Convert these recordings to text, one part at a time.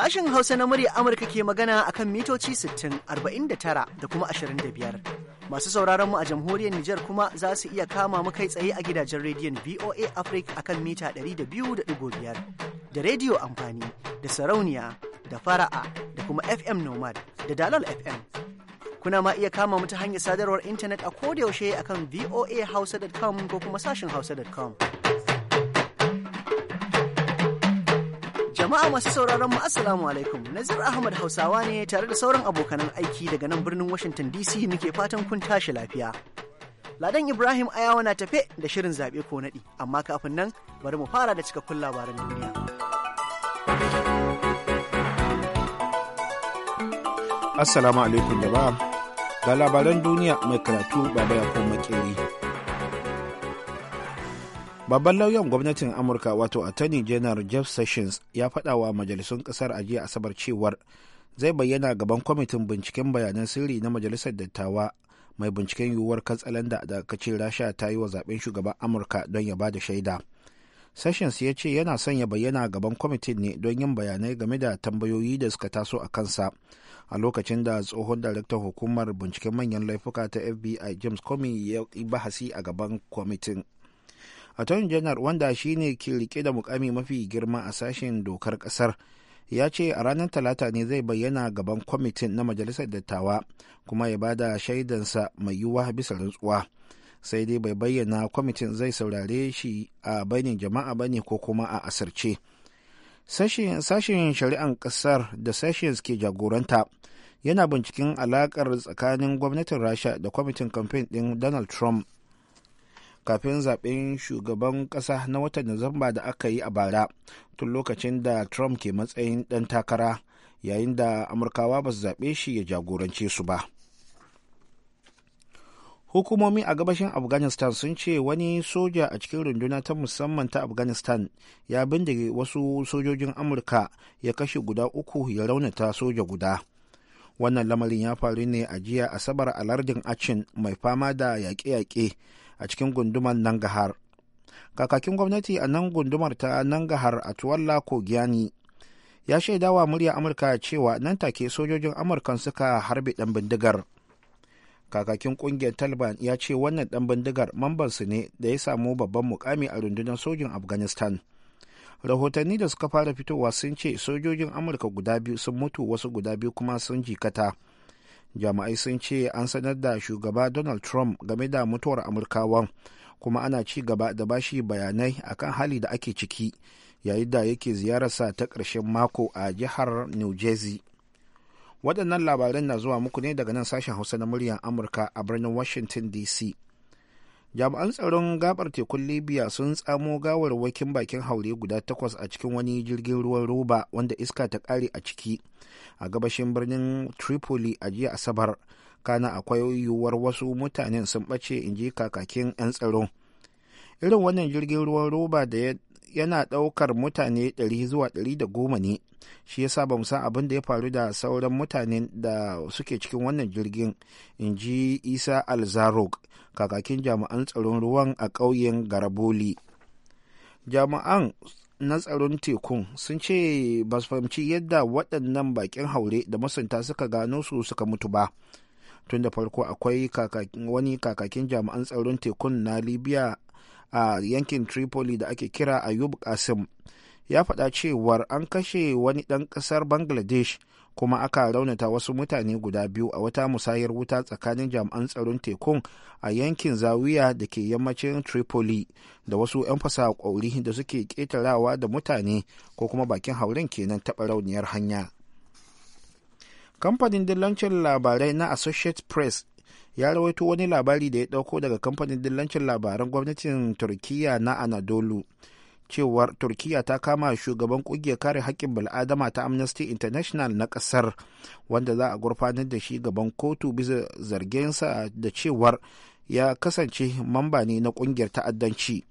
Sashen Hausa na murya Amurka ke magana akan mitoci 60, 49 da kuma 25. Masu sauraron mu a jamhuriyar Nijar kuma za su iya kama mu kai tsaye a gidajen rediyon VOA Africa akan mita 200.5 da rediyo amfani da sarauniya da fara'a da kuma FM Nomad da Dalal FM. Kuna ma iya kama mu ta hanyar sadarwar intanet a kodayaushe akan voahausa.com ko kuma sashen hausa.com. Jama'a masu sauraron mu Assalamu alaikum. Nazir Ahmad Hausawa ne tare da sauran abokanan aiki daga nan birnin Washington DC muke fatan kun tashi lafiya. Ladan Ibrahim Ayawa na tafe da shirin zaɓe ko naɗi, amma kafin nan bari mu fara da cikakkun labaran duniya. Assalamu alaikum jama'a. Ga labaran duniya mai karatu baba da ya koma babban lauyan gwamnatin amurka wato attorney general jeff sessions ya faɗa wa majalisun ƙasar a jiya asabar cewar zai bayyana gaban kwamitin binciken bayanan sirri na majalisar dattawa mai binciken yiwuwar katsalan da kacin rasha ta yi wa zaben shugaban amurka don ya ba da shaida sessions ya ce yana son ya bayyana gaban kwamitin ne don yin bayanai game da tambayoyi da suka taso a kansa a lokacin da tsohon daraktan hukumar binciken manyan laifuka ta fbi james comey ya yi bahasi a gaban kwamitin attorney janar wanda shine ke rike da mukami mafi girma a sashen dokar kasar ya ce a ranar talata ne zai bayyana gaban kwamitin na majalisar dattawa kuma ya bada shaidansa mai yiwuwa bisa rantsuwa sai dai bai bayyana kwamitin zai saurare shi a bainin jama'a bane ko kuma a asirce sashen shari'an kasar da sashen ke jagoranta yana binciken alakar tsakanin gwamnatin rasha da kwamitin kamfen din donald trump kafin zaben shugaban ƙasa na watan Nuwamba da aka yi a bara tun lokacin da Trump ke matsayin ɗan takara yayin da Amurkawa ba su zaɓe shi ya jagorance su ba. hukumomi a gabashin afghanistan sun ce wani soja a cikin runduna ta musamman ta afghanistan ya bindige wasu sojojin amurka ya kashe guda uku ya raunata soja guda wannan lamarin ya faru ne a jiya asabar a lardin acin mai fama da yaƙe-yaƙe a cikin gundumar nangahar kakakin gwamnati a nan gundumar ta nangahar a tuwalla kogiyani ya shaidawa murya amurka cewa nan take sojojin amurkan suka harbe ɗan bindigar kakakin ƙungiyar taliban ya ce wannan ɗan bindigar mambansu ne da ya samu babban mukami a rundunar sojin afghanistan rahotanni da suka fara fitowa sun ce sojojin amurka guda biyu sun mutu wasu guda biyu kuma sun jikata jama'ai sun ce an sanar da shugaba donald trump game da mutuwar amurkawa kuma ana ci gaba da bashi bayanai akan hali da ake ciki yayin da yake ziyararsa ta ƙarshen mako a jihar new jersey waɗannan labaran na zuwa muku ne daga nan sashen hausa na muryar amurka a birnin washington dc jami'an tsaron gabar tekun libya sun tsamo gawarwakin bakin haure guda takwas a cikin wani jirgin ruwan roba wanda iska ta kare a ciki a gabashin birnin tripoli a jiya asabar kana akwai yiwuwar wasu mutanen sun bace in ji kakakin 'yan tsaro irin wannan jirgin ruwan roba da ya yana ɗaukar mutane 100 zuwa 110 ne shi yasa ba san abin da ya faru da sauran mutanen da suke cikin wannan jirgin in ji isa alzarog kakakin jami'an tsaron ruwan a ƙauyen garaboli jami'an na tsaron tekun sun ce ba su fahimci yadda waɗannan bakin haure da masunta suka gano su suka mutu ba tun da farko akwai wani kakakin jami'an tsaron tekun na libya a yankin tripoli da ake kira ayub kasim ya faɗa cewar an kashe wani ɗan ƙasar bangladesh kuma aka raunata wasu mutane guda biyu a wata musayar wuta tsakanin jami'an tsaron tekun a yankin zawiya da ke yammacin tripoli da wasu 'yan fasa ƙauri da suke ƙetarawa da mutane ko kuma bakin haurin kenan taɓa rauniyar hanya kamfanin dillancin labarai na associate press ya rawaito wani labari da ya dauko daga kamfanin dillancin labaran gwamnatin turkiyya na anadolu cewar turkiyya ta kama shugaban kungiyar kare haƙƙin bil'adama ta amnesty international na ƙasar wanda za a gurfanar da shi gaban kotu bisa zarginsa da cewar ya kasance mamba ne na kungiyar ta'addanci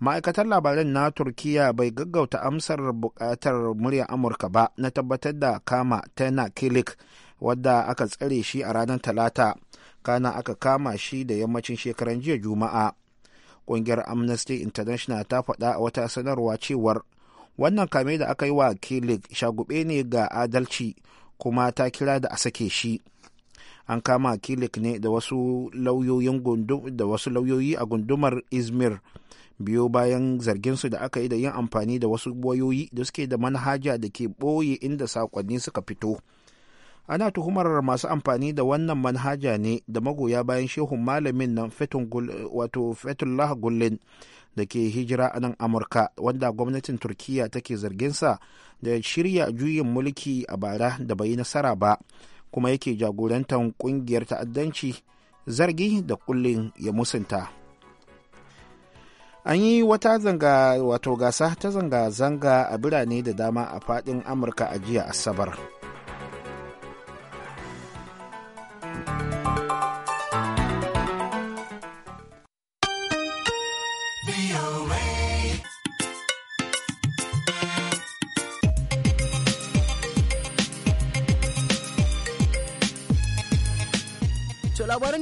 ma'aikatar labaran na turkiyya bai gaggauta amsar buƙatar muryar amurka ba na tabbatar da kama tana kilik wadda aka tsare shi a ranar talata kana aka kama shi da yammacin shekaran jiya juma'a ƙungiyar amnesty international ta faɗa a wata sanarwa cewar wannan kame da aka yi wa kilik shagube ne ga adalci kuma ta kira da a sake shi an kama kilik ne da wasu lauyoyi a gundumar izmir biyo bayan zarginsu da aka yi da yin amfani da wasu wayoyi da suke da manhaja da ke ɓoye inda saƙonni suka fito ana tuhumar masu amfani da wannan manhaja ne da magoya bayan shehun malamin nan wato fetullah gullin da ke hijira a nan amurka wanda gwamnatin turkiya take zarginsa da shirya juyin mulki a bara da bai nasara ba kuma yake jagorantar kungiyar ta'addanci zargi da kullin ya musunta an yi wata zanga wato gasa ta zanga-zanga a birane da dama a faɗin amurka a jiya asabar.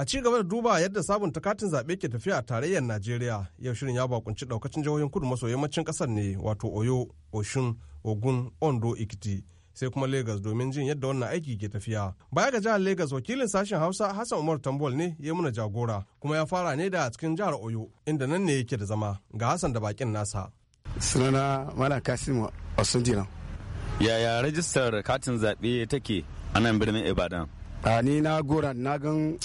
A ci gaba da duba yadda sabunta katin zaɓe ke tafiya a tarayyar Najeriya, yau shirin ya bakunci ɗaukacin jihohin kudu maso yammacin ƙasar ne wato Oyo, Oshun, Ogun, Ondo, Ikiti. sai kuma Legas domin jin yadda wannan aiki ke tafiya. Baya ga jihar Legas wakilin sashen Hausa Hassan Umar Tambol ne ya muna jagora kuma ya fara ne da cikin jihar Oyo inda nan ne yake da zama ga Hassan da bakin nasa. Sunana Mala Kasim Osunjina. Yaya rajistar katin zaɓe take a nan birnin Ibadan? A ni na gora na gan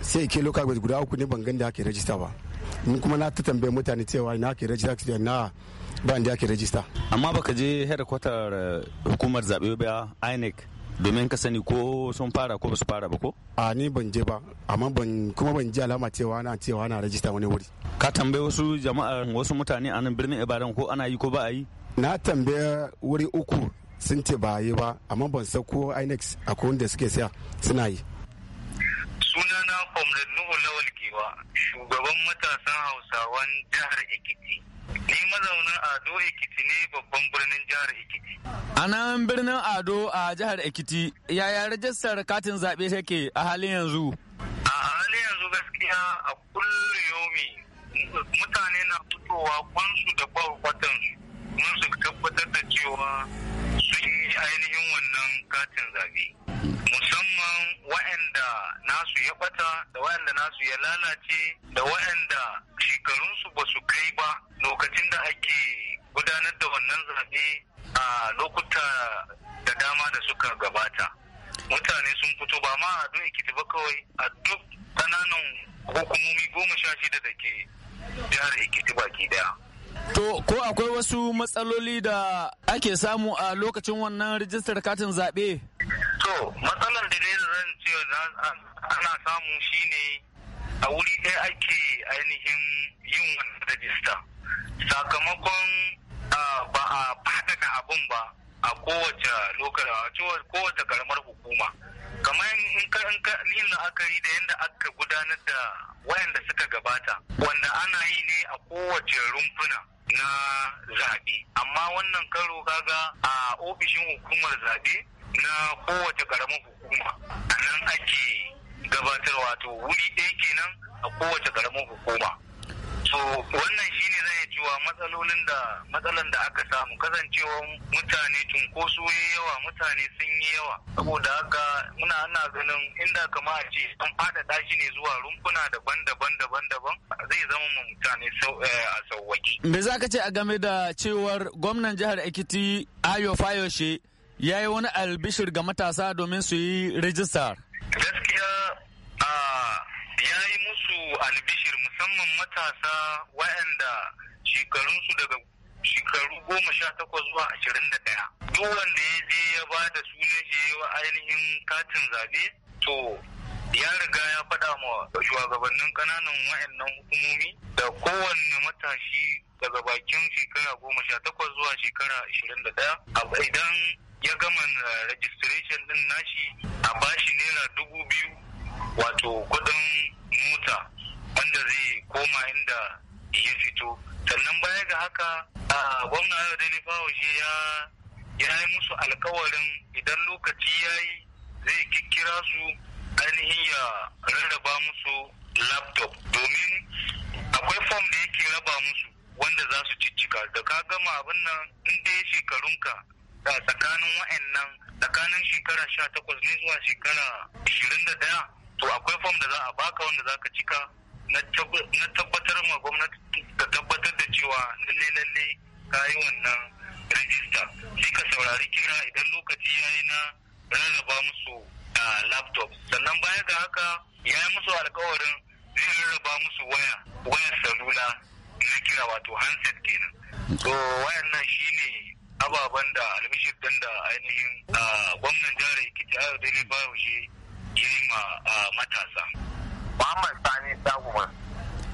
sai ke local government guda uku ne ban gan da ake rajista ba ni kuma na ta tambaye mutane cewa ina ake rajista na ba da ake rajista amma baka je headquarter eh, hukumar zabe ba INEC domin ka sani ko sun fara ko ba su fara ba ko a ni ban je ba amma ban kuma ban ji alama cewa na cewa na rajista wani wuri ka tambaye wasu jama'a wasu mutane a nan birnin Ibadan ko ana yi ko ba a yi na tambaye wuri uku sun ce ba yi ba amma ban san ko INEC akwai wanda suke siya suna yi Comrade Nuhu Lawal shugaban matasan Hausawan jihar Ekiti. Ni mazaunin Ado Ekiti ne babban birnin jihar Ekiti. A nan birnin Ado a jihar Ekiti, yaya rajistar katin zaɓe take a halin yanzu? A halin yanzu gaskiya a kullu yomi mutane na fitowa kwansu da kwakwatan mun su tabbatar da cewa sun yi ainihin wannan katin zaɓe. musamman waɗanda nasu ya bata da waɗanda nasu ya lalace da waɗanda shekarunsu ba su kai ba lokacin da ake gudanar da wannan zaɓe a lokuta da dama da suka gabata mutane sun fito ba ma a don ikiti ba kawai a duk ƙananan hukumomi goma sha shida da ke jihar ikiti baki daya To, ko akwai wasu matsaloli da ake samu a lokacin wannan rijistar katin zaɓe? matsalar da dai zan ce ana samu shine a wuri ɗaya ake ainihin yin wani rajista. Sakamakon ba a faɗaɗa abin ba a kowace a kowace karamar hukuma. kamar in ka yin la'akari da yadda aka gudanar da wayanda suka gabata wanda ana yi ne a kowace rumfuna na zaɓe amma wannan karo kaga a ofishin hukumar zaɓe na kowace karamin hukuma a nan ake gabatar wato wuri ɗaya kenan a kowace karamin hukuma so wannan shine zai cewa matsalolin da matsalan da aka samu kasancewa mutane cunkoso ya yawa mutane sun yi yawa saboda haka muna ana ganin inda kama a ce an faɗaɗa shi ne zuwa rumfuna daban-daban daban-daban zai zama mu mutane eh, a sauwaki. me za ka ce a game da cewar gwamnan jihar ekiti ayo fayoshe ya yi wani albishir ga matasa domin su yi rijistar. Gaskiya ya yi musu albishir musamman matasa waɗanda shekarunsu daga shekaru goma sha takwas zuwa ashirin da ɗaya. Duk wanda ya je ya ba da sunan shi wa ainihin katin zaɓe to ya riga ya faɗa ma shugabannin ƙananan wa'annan hukumomi da kowanne matashi daga bakin shekara goma sha takwas zuwa shekara ashirin da ɗaya. Idan ya gama eh, registration din nashi a bashi naira dubu biyu wato kudin mota wanda zai koma inda ya fito sannan baya ga haka gwamna yau da shi ya ya yi musu alkawarin idan lokaci ya yi zai kikkira su ainihin ya rarraba musu laptop domin akwai fom da yake raba musu wanda za su ciccika da ka gama abin nan in dai shekarunka tsakanin wa'annan tsakanin shekara sha takwas ne zuwa shekara ashirin da ɗaya to akwai fom da za a baka wanda za ka cika na tabbatar ma gwamnati ta tabbatar da cewa lalle lalle ka yi wannan rajista sai ka saurari kira idan lokaci ya yi na rarraba musu laptop sannan baya ga haka ya yi musu alkawarin zai rarraba musu waya wayar salula na kira wato handset kenan to wayan nan shine ababen da almishir din da ainihin gwamnan jihar Ekiti Ayo ba Bayoshe ya yi ma matasa. Muhammad Sani Daguma.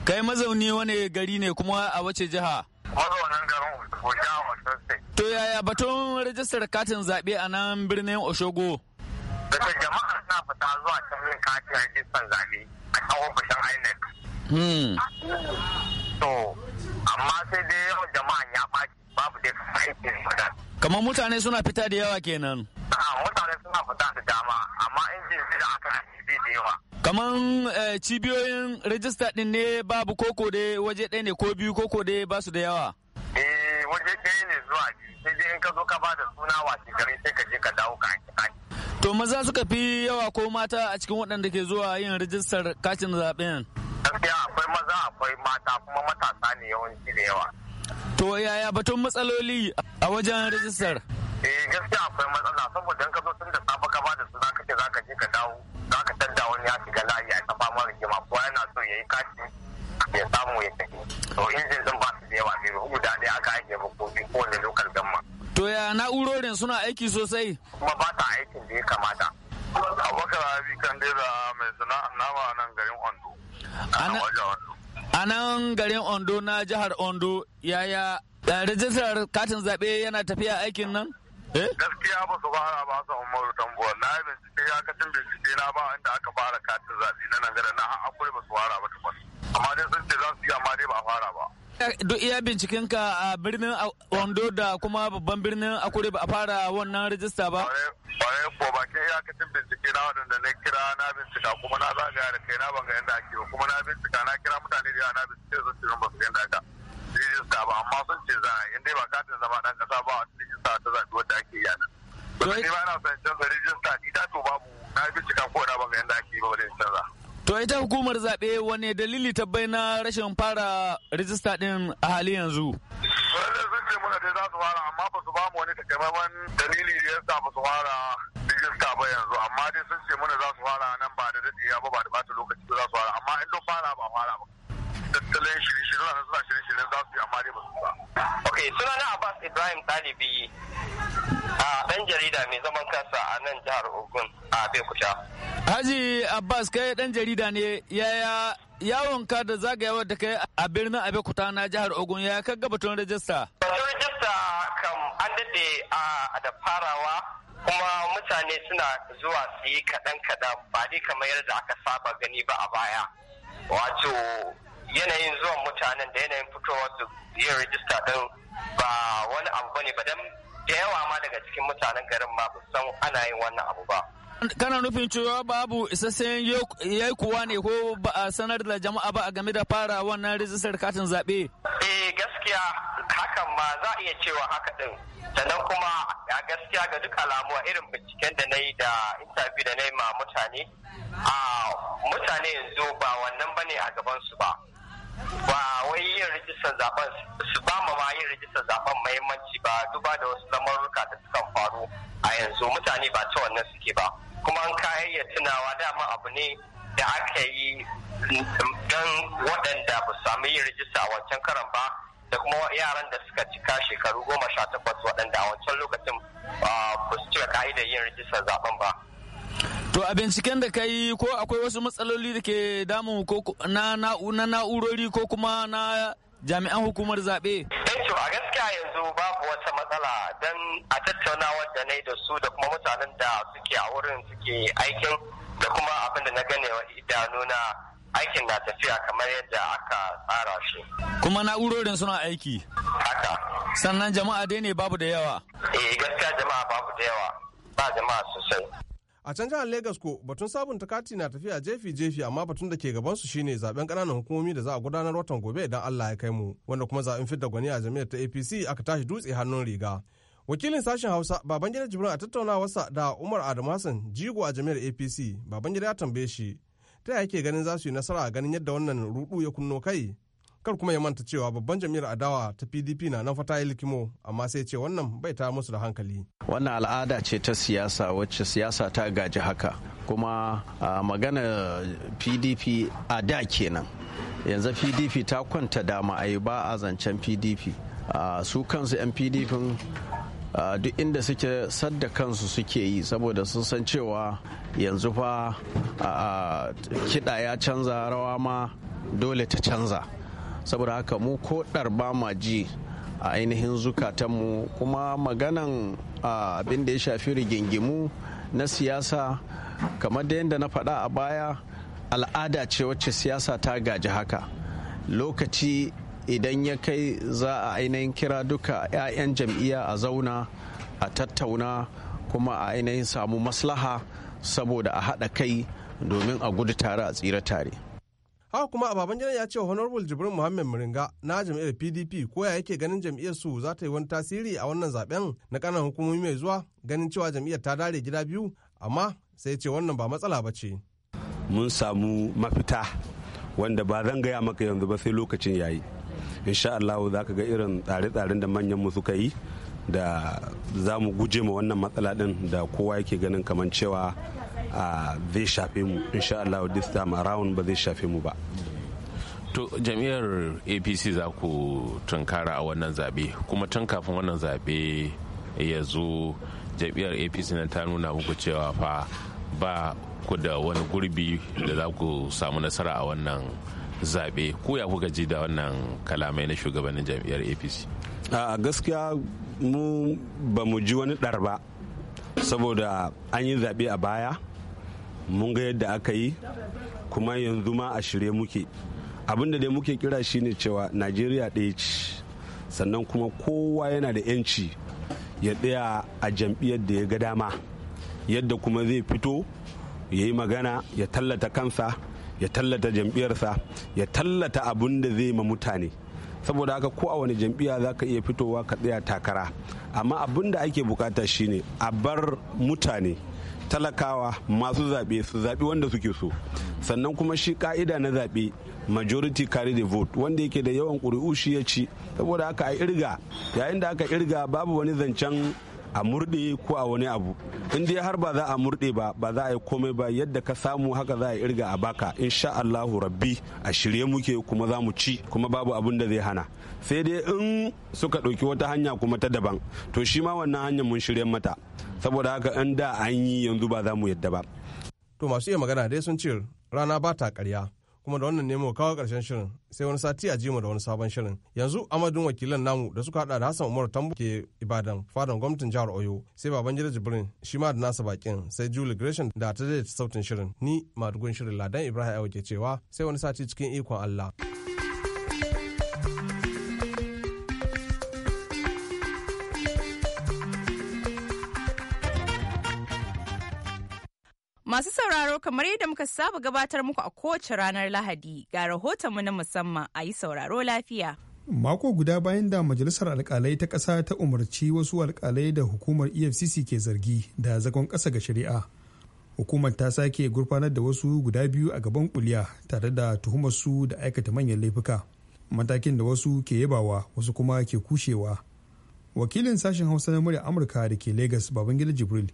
Kai mazauni wani gari ne kuma a wace jiha? Mazaunin garin Oja sai. To yaya batun rajistar katin zaɓe a nan birnin Oshogo? Daga jama'a na fita zuwa can katin rajistar zaɓe a kan ofishin INEC. Hmm. To, amma sai dai yawan jama'a ya ɓaci babu dai fahimtar fita. kamar mutane suna fita da yawa kenan. A mutane suna fita da dama amma injin da aka bi da yawa. kamar eh, cibiyoyin rajista din ne babu koko da waje ɗaya ne ko biyu koko da ba su da yawa. eh waje ɗaya ne zuwa sai dai in ka zo ka ba da suna wace gari sai ka je ka dawo ka To maza suka fi yawa ko mata a cikin waɗanda ke zuwa yin rijistar katin zaɓen? Gaskiya akwai maza akwai mata kuma matasa ne yawanci da yawa. To yaya batun matsaloli a wajen rijistar? Eh gaskiya akwai matsala saboda ka zo tun da safe ka ba da su za ka ce za ka je ka dawo za ka tadda wani ya shiga layi a kafa mara rigima ko yana so ya yi kashi ya samu ya tafi. To injin din ba su da yawa ne da ɗaya aka ajiye ba ko wani lokal gamma. To ya na'urorin suna aiki sosai? Kuma ba ta aikin da ya kamata. Abubakar Abi Kandila mai sana'ar nama a nan garin Ondo. A nan garin Ondo na jihar Ondo yaya eh, rajistar katin zaɓe yana tafiya aikin nan? Eh? Gaskiya ba su fara ba su umaru tambuwa na yi bincike ya kacin bincike na ba inda aka fara katin zaɓe na nan gada na akwai ba su fara ba tukun. Amma dai sun ce za su yi amma dai ba a fara ba. Eh, duk iya binciken ka a birnin Ondo da kuma babban birnin Akure ba a fara wannan rajista ba? Bare ko bakin iyakacin bincike na waɗanda na kira na bincika kuma na zagaya da kai na ban ga yadda ake kuma na bincika na kira mutane da yawa na bincike sun ce ba su yadda ka. rijista ba amma sun ce za a yi dai ba katin zama dan kasa ba wata rijista ta zaɓi wanda ake yi a nan. Ba ba na son canza rijista ni da to babu na bi cika ko na ga yanda ake yi ba wajen canza. To ita hukumar zaɓe wane dalili ta na rashin fara rijista ɗin a hali yanzu? Wanda sun ce muna dai za su fara amma ba su ba mu wani takamaiman dalili da yasa ba su fara rijista ba yanzu amma dai sun ce muna za su fara nan ba da daɗewa ba ba da ɓata lokaci ba za su fara amma in don fara ba fara ba. tattalin shirye-shirye za su shirye-shirye za su yi amma dai ba su ba. Ok, suna na Abbas Ibrahim ɗalibi a ɗan jarida mai zaman kansa a nan jihar Ogun a Bekuta. Haji Abbas kai ɗan jarida ne yaya yawon ka da zagayawar da kai a birnin Abekuta na jihar Ogun ya ka batun rajista? Batun rajista kam an daɗe a da farawa kuma mutane suna zuwa su yi kaɗan-kaɗan ba dai kamar yadda aka saba gani ba a baya. Wato yanayin zuwan mutanen da yanayin fitowar su yin rijista din ba wani abu bane ba dan da yawa ma daga cikin mutanen garin ma ba san ana yin wannan abu ba kana nufin cewa babu isasshen kuwa ne ko ba a sanar da jama'a ba a game da fara wannan rijistar katin zaɓe? eh gaskiya hakan ma za a iya cewa haka ɗin sannan kuma a gaskiya ga duk alamu a irin binciken da na yi da interview da na yi ma mutane a mutane yanzu ba wannan bane a gabansu ba ba wai yin rijistar zaben su ba ma yin rijistar zaben mahimmanci ba duba da wasu lamarruka da sukan faru a yanzu mutane ba ta wannan suke ba kuma an kayayyar tunawa dama abu ne da aka yi don waɗanda ba su sami yin rijista a wancan karan ba da kuma yaran da suka cika shekaru goma sha takwas waɗanda a wancan lokacin ah, ba su cika ka'idar yin rijistar zaben ba To a binciken da kai ko akwai wasu matsaloli da ke ko na na'urori ko kuma na jami'an hukumar zaɓe. Eh, to a gaskiya yanzu babu wata matsala don a tattauna da na da su da kuma mutanen da suke a wurin suke aikin da kuma abin da na gane wa idanu na aikin na tafiya kamar yadda aka tsara shi. Kuma na'urorin suna aiki? Haka. Sannan jama'a dai ne babu da yawa? Eh gaskiya jama'a babu da yawa. Ba jama'a sosai. a can jihar lagos ko batun sabunta kati na tafiya jefi jefi amma batun da ke gabansu shine zaben kananan hukumomi da za a gudanar watan gobe idan allah ya kai mu wanda kuma zaben fidda gwani a jami'ar ta apc aka tashi dutse hannun riga wakilin sashen hausa babangida jibrin a tattaunawarsa da umar adamu hassan jigo a jami'ar apc babangida ya tambaye shi ta yake ganin za su yi nasara ganin yadda wannan rudu ya kunno kai kar kuma ya manta cewa babban jam'iyyar adawa ta pdp na nan fata likimo amma sai ce wannan bai ta musu da hankali wannan al'ada ce ta siyasa wacce siyasa ta gaji haka kuma magana pdp a da kenan yanzu pdp ta kwanta dama a yi ba a zancen pdp su kansu 'yan pdp duk inda suke sadda kansu suke yi saboda sun san cewa yanzu fa kiɗa ya canza rawa ma dole ta canza saboda haka mu ko ɗarba ma ji a ainihin zukatanmu kuma maganan abin da ya shafi rigingimu na siyasa kamar da yadda na faɗa a baya al'ada ce wacce siyasa ta gaji haka lokaci idan ya kai za a ainihin kira duka 'ya'yan jam'iyya a zauna a tattauna kuma a ainihin samu maslaha saboda a haɗa kai domin a gudu tare a tsira tare haka kuma a baban ya ce honorable jibrin muhammad muringa na jam'iyyar pdp koya yake ganin jam'iyyar su za ta yi wani tasiri a wannan zaben na kanan hukumomi mai zuwa ganin cewa jam'iyyar ta dare gida biyu amma sai ce wannan ba matsala ba ce mun samu mafita wanda ba zan gaya maka yanzu ba sai lokacin yayi insha Allah za ka ga irin tsare-tsaren da manyan mu suka yi da za mu guje ma wannan matsala din da kowa yake ganin kamar cewa zai shafe mu insha Allah this time around ba zai shafe mu ba to jam'iyyar apc za ku tunkara a wannan zabe kuma tun kafin wannan zabe ya zo jam'iyyar apc na ta nuna muku cewa fa ba ku da wani gurbi da za ku samu nasara a wannan zabe ko ya kuka ji da wannan kalamai na shugabannin jam'iyyar apc a gaskiya mu ba mu ji wani ɗar ba saboda an yi zaɓe a baya mun ga yadda aka yi kuma yanzu ma a shirye muke abinda dai muke kira shine cewa najeriya ɗaya ce sannan kuma kowa yana da 'yanci ya ɗaya a jam'iyyar da ya ga dama yadda kuma zai fito ya yi magana ya tallata kansa ya tallata jam'iyyarsa ya tallata abin da zai ma mutane saboda haka ko a wani jam'iyya za ka iya fitowa ka tsaya takara amma abin da ake bukata shine a bar mutane talakawa masu zaɓe su zaɓi wanda suke so sannan kuma shi ka'ida na zaɓe majority carry the vote wanda yake da yawan ƙuri'u shi ya ci saboda haka a irga yayin da aka irga babu wani zancen a murɗe ko a wani abu in dai har ba za a murɗe ba ba za a yi komai ba yadda ka samu haka za a irga a baka insha Allahu rabbi a shirye muke kuma za mu ci kuma babu abin da zai hana sai dai in suka ɗauki wata hanya kuma ta daban to shi ma wannan hanyar mun shirye mata saboda haka in da an yi yanzu ba za mu yadda ba to masu iya magana dai sun ce rana ba ta karya kuma da wannan nemo kawo karshen shirin sai wani sati a jima da wani sabon shirin yanzu amadin wakilan namu da suka hada da hassan umar tambu ke ibadan fadan gwamnatin jihar oyo sai baban gida jibrin shi ma da nasa bakin sai julie gresham da ta daidaita sautin shirin ni madugun shirin ladan ibrahim ke cewa sai wani sati cikin ikon allah. Masu sauraro kamar yadda muka saba gabatar muku a kowace ranar Lahadi ga rahotonmu na musamman a yi sauraro lafiya. Mako guda bayan da Majalisar Alkalai ta ƙasa ta umarci wasu alkalai da hukumar EFCC ke zargi da zagon ƙasa ga shari'a. Hukumar ta sake gurfanar da wasu guda biyu a gaban kuliya tare da tuhumar su da aikata manyan laifuka. Matakin da wasu ke yabawa wasu kuma ke kushewa. Wakilin sashen Hausa na murya Amurka da ke Legas Babangida Jibril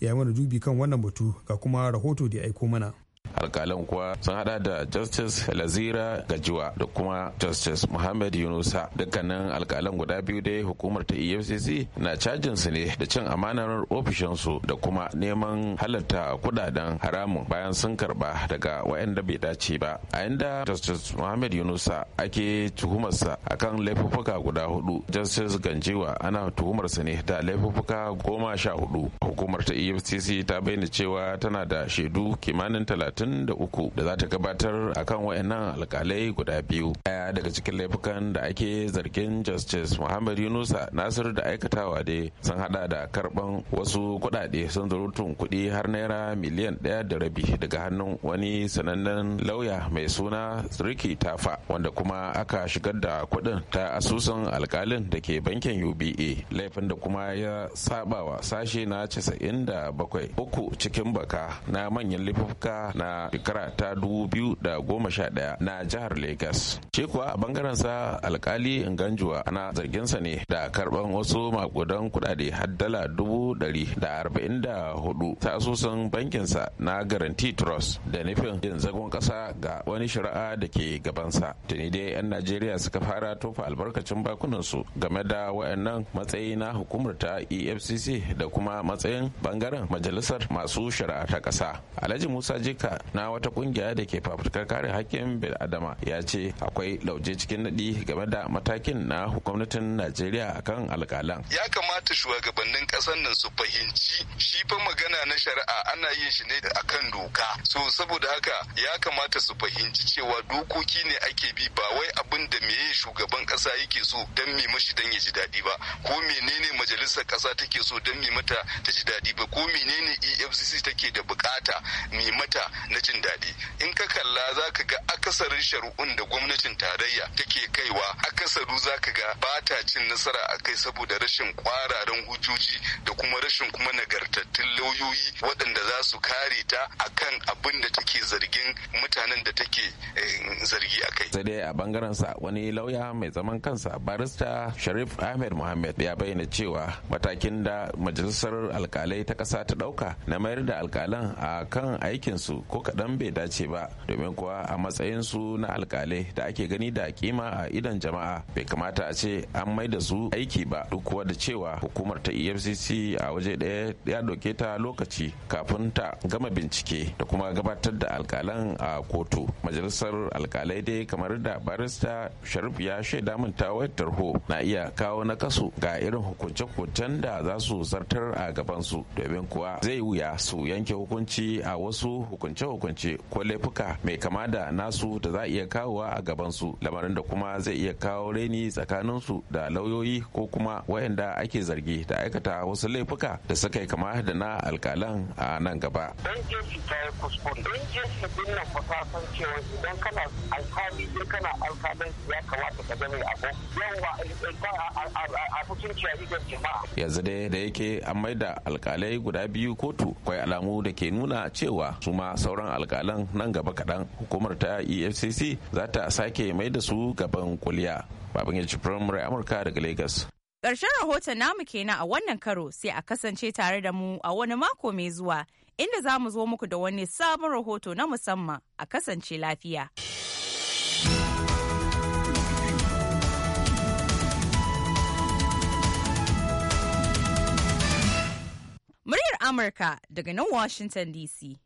ya mana dubi kan wannan batu ga kuma rahoto da ya aiko mana alkalan kuwa sun hada da justice lazira gajiwa da kuma justice muhammad yunusa dukkanin alkalan guda biyu dai hukumar ta efcc na cajin su ne da cin amanar ofishinsu da kuma neman halarta kudaden haramun bayan sun karba daga wayanda bai dace ba a inda justice muhammad yunusa ake tuhumarsa akan laifuffuka guda hudu justice ganjiwa ana tuhumarsa ne da laifuffuka goma sha hudu hukumar ta efcc ta bayyana cewa tana da shaidu kimanin talatin 23 da za ta gabatar a kan wayannan alkalai guda biyu daya daga cikin laifukan da ake zargin justice muhammad yunusa nasir da aikatawa dai sun hada da karban wasu kudade sun zurutun kudi har naira miliyan daya da rabi daga hannun wani sanannen lauya mai suna tsirki tafa wanda kuma aka shigar da kudin ta asusun alkalin da ke bankin uba laifin da kuma ya sabawa sashe na 97 uku cikin baka na manyan laifuka na shekara ta da goma sha 2011 na jihar Legas. Shi kuwa a bangaren sa alkali Nganjuwa ana zarginsa ne da karban wasu makudan kudade har dala dubu dari da arba'in da hudu ta asusun bankinsa na Guarantee Trust da nufin yin zagon kasa ga wani shari'a da ke gabansa. Tuni dai 'yan Najeriya suka fara tofa albarkacin bakunansu game da waɗannan matsayi na hukumar ta EFCC da kuma matsayin bangaren majalisar masu shari'a ta ƙasa. Alhaji Musa Jika na wata kungiya da ke fafutukar kare hakkin bil adama ya ce akwai lauje cikin nadi game da matakin na gwamnatin najeriya akan alkalan ya kamata shugabannin kasar nan su fahimci shi fa magana na shari'a ana yin shi ne akan doka so saboda haka ya kamata su fahimci cewa dokoki ne ake bi ba wai abin da meye shugaban ƙasa yake so don me mashi dan ya ji daɗi ba ko menene majalisar ƙasa take so don me mata ta ji daɗi ba ko menene efcc take da bukata me mata na jin daɗi in ka kalla za ka ga akasarin shari'un da gwamnatin tarayya take kaiwa akasaru za ka ga ba ta cin nasara a kai saboda rashin kwararen hujjoji da kuma rashin kuma nagartattun lauyoyi waɗanda za su kare ta akan abin da take zargin mutanen da take eh, zargi a kai. sai dai a bangaren sa wani lauya mai zaman kansa barista sharif ahmed mohammed ya bayyana cewa matakin da majalisar alkalai ta kasa ta ɗauka na mayar da alkalan a kan aikinsu ko kaɗan bai dace ba domin kuwa a matsayin su na alkalai da ake gani da kima a idan jama'a bai kamata a ce an mai da su aiki ba duk kuwa da cewa hukumar ta efcc a waje daya ya doke ta lokaci kafin ta gama bincike da kuma gabatar da alkalan a kotu majalisar alkalai dai kamar da barista sharif ya shaida min ta wayar tarho na iya kawo na kasu ga irin hukunce-hukuncen da za su zartar a gabansu domin kuwa zai wuya su yanke hukunci a wasu hukunce hukunce ko laifuka mai kama da nasu da za a iya kawowa a gaban su lamarin da kuma zai iya kawo raini tsakanin su da lauyoyi ko kuma wayanda ake zargi da aikata wasu laifuka da suka yi kama da na alkalan a nan gaba. kuskure, Yanzu dai da yake an maida alkalai guda biyu kotu kwai alamu da ke nuna cewa su ma sauran sauran alkalan nan gaba kaɗan hukumar ta efcc za ta sake mai da su gaban kuliya babin ya ci amurka daga lagos Ƙarshen rahoton namu kenan a wannan karo sai a kasance tare da mu a wani mako mai zuwa inda za mu zo muku da wani sabon rahoto na musamman a kasance lafiya. Muryar Amurka daga nan Washington DC.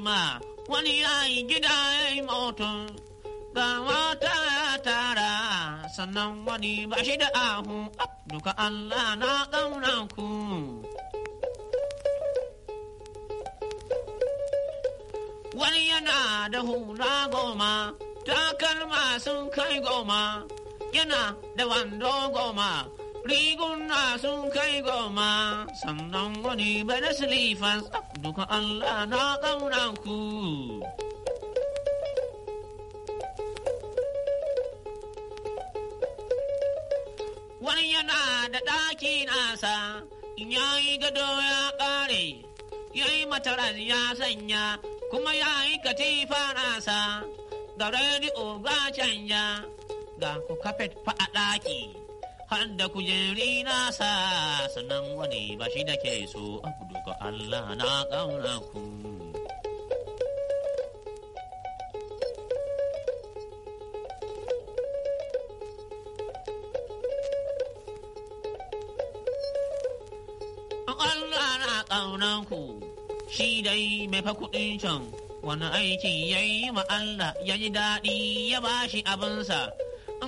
ma wani ya yi gida ya yi mutum ga wata tara sannan wani ba shi da ahu duka Allah na ƙauna ku. Wani yana da hula goma, takalma sun kai goma, yana da wando goma. riguna sun kai goma sannan wani bane silifas duka Allah na ƙaunan ku. Wani yana da ɗaki nasa, ya yi gado ya ƙare, ya yi mataras ya sanya, kuma ya yi katifa nasa, ga rediyo ba canja, ga ku kafet fa a ɗaki. hadda kujeri na sa sannan wani ba shi da ke so abu ga Allah na ƙauna ku. Allah na ƙauna ku shi dai mai fa kuɗin can wani aiki ya yi ma Allah ya yi daɗi ya ba shi abinsa.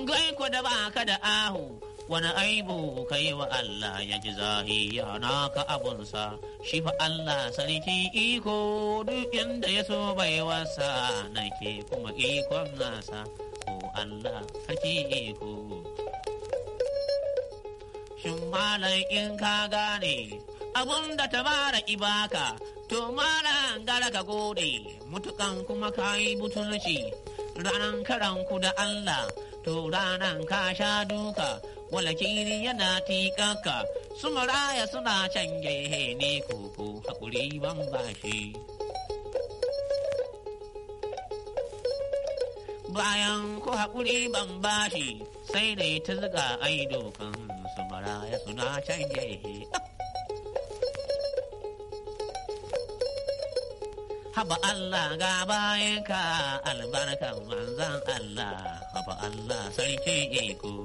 Gai ku da ba ka da ahu wani aibu kai wa Allah ya ji zahiya naka abunsa shi fa Allah sarki iko duk inda ya so bai wasa nake kuma ikon nasa ko Allah sarki iko shin malam in ka gane abun da tabara ibaka to malam gara ka gode mutukan kuma ka yi butulci ranan karanku da Allah to ranan ka sha duka walakiri yana tikaka su maraya suna can gehe ne koko hakuri ban bashi bayan ko hakuri ban bashi sai dai ta zuga aido kan su maraya suna can gehe haba Allah ga bayanka albarkan manzan Allah haba Allah sarki iko.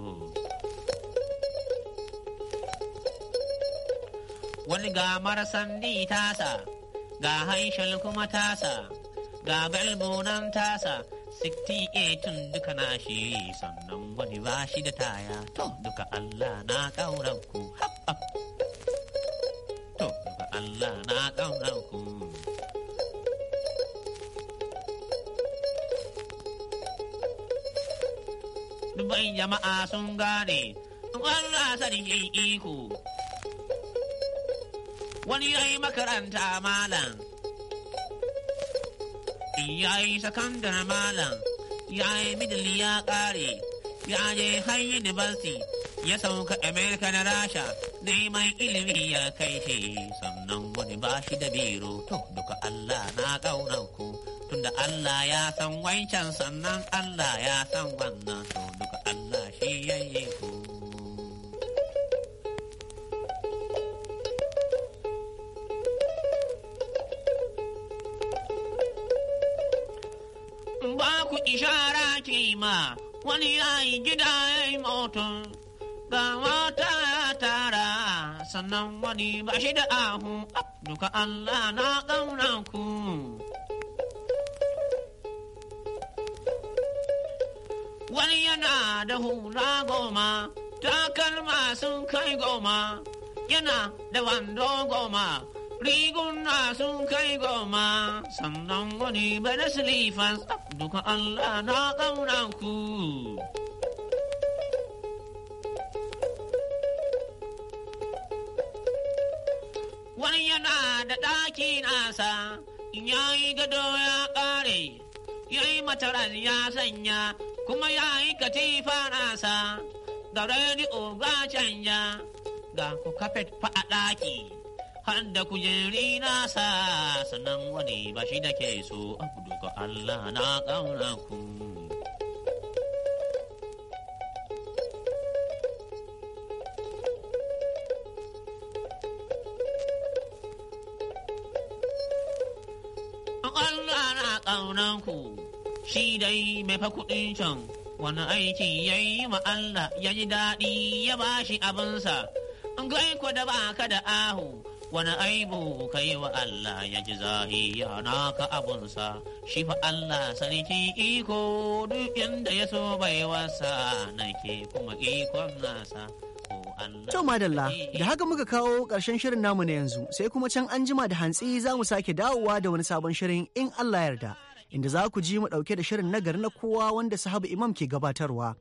wani ga marasan di tasa ga haishal kuma tasa ga galbonan tasa 68 e duka na shi sannan wani ba shi da taya to duka Allah na ƙaunar ku to duka Allah na ƙaunar ku Dubai jama'a sun gane, Allah sarki iko. wani ya yi makaranta malam ya yi sakandar malam ya yi middle ya ƙare ya je har university ya sauka america na rasha neman ilimi ya kai shi sannan wani ba shi da biro to duka allah na ƙaunarku tunda allah ya san wancan sannan allah ya san wannan to duka ishara ke ma wani yayi gida ya yi mutum ga mata tara sannan wani ba shi da ahu duka Allah na ƙauna ku. Wani yana da hula goma, takalma sun kai goma, yana da wando goma. riguna sun kai goma sannan wani bane silifas duka Allah na ƙauna ku. Wani yana da ɗaki nasa ya yi gado ya ƙare, ya yi mataran ya sanya kuma ya yi katifa nasa ga rediyo ga canja ga ku kafet fa a ɗaki. hadda kujeri na sa sanan wani ba shi da ke so a kudu ga Allah na ƙauna ku. Allah na ƙauna ku shi dai mai fa kuɗin can wani aiki ya yi ma Allah ya ji daɗi ya ba shi abinsa. Gai ku da ba ka da ahu wani aibu ka yi wa Allah ya ji zahiya naka abunsa shi fa Allah sarki iko duk inda ya so bai wasa nake kuma ikon nasa. To madalla da haka muka kawo ƙarshen shirin namu na yanzu sai kuma can an jima da hantsi za mu sake dawowa da wani sabon shirin in Allah yarda inda za ku ji mu ɗauke da shirin na gari na kowa wanda sahabu imam ke gabatarwa.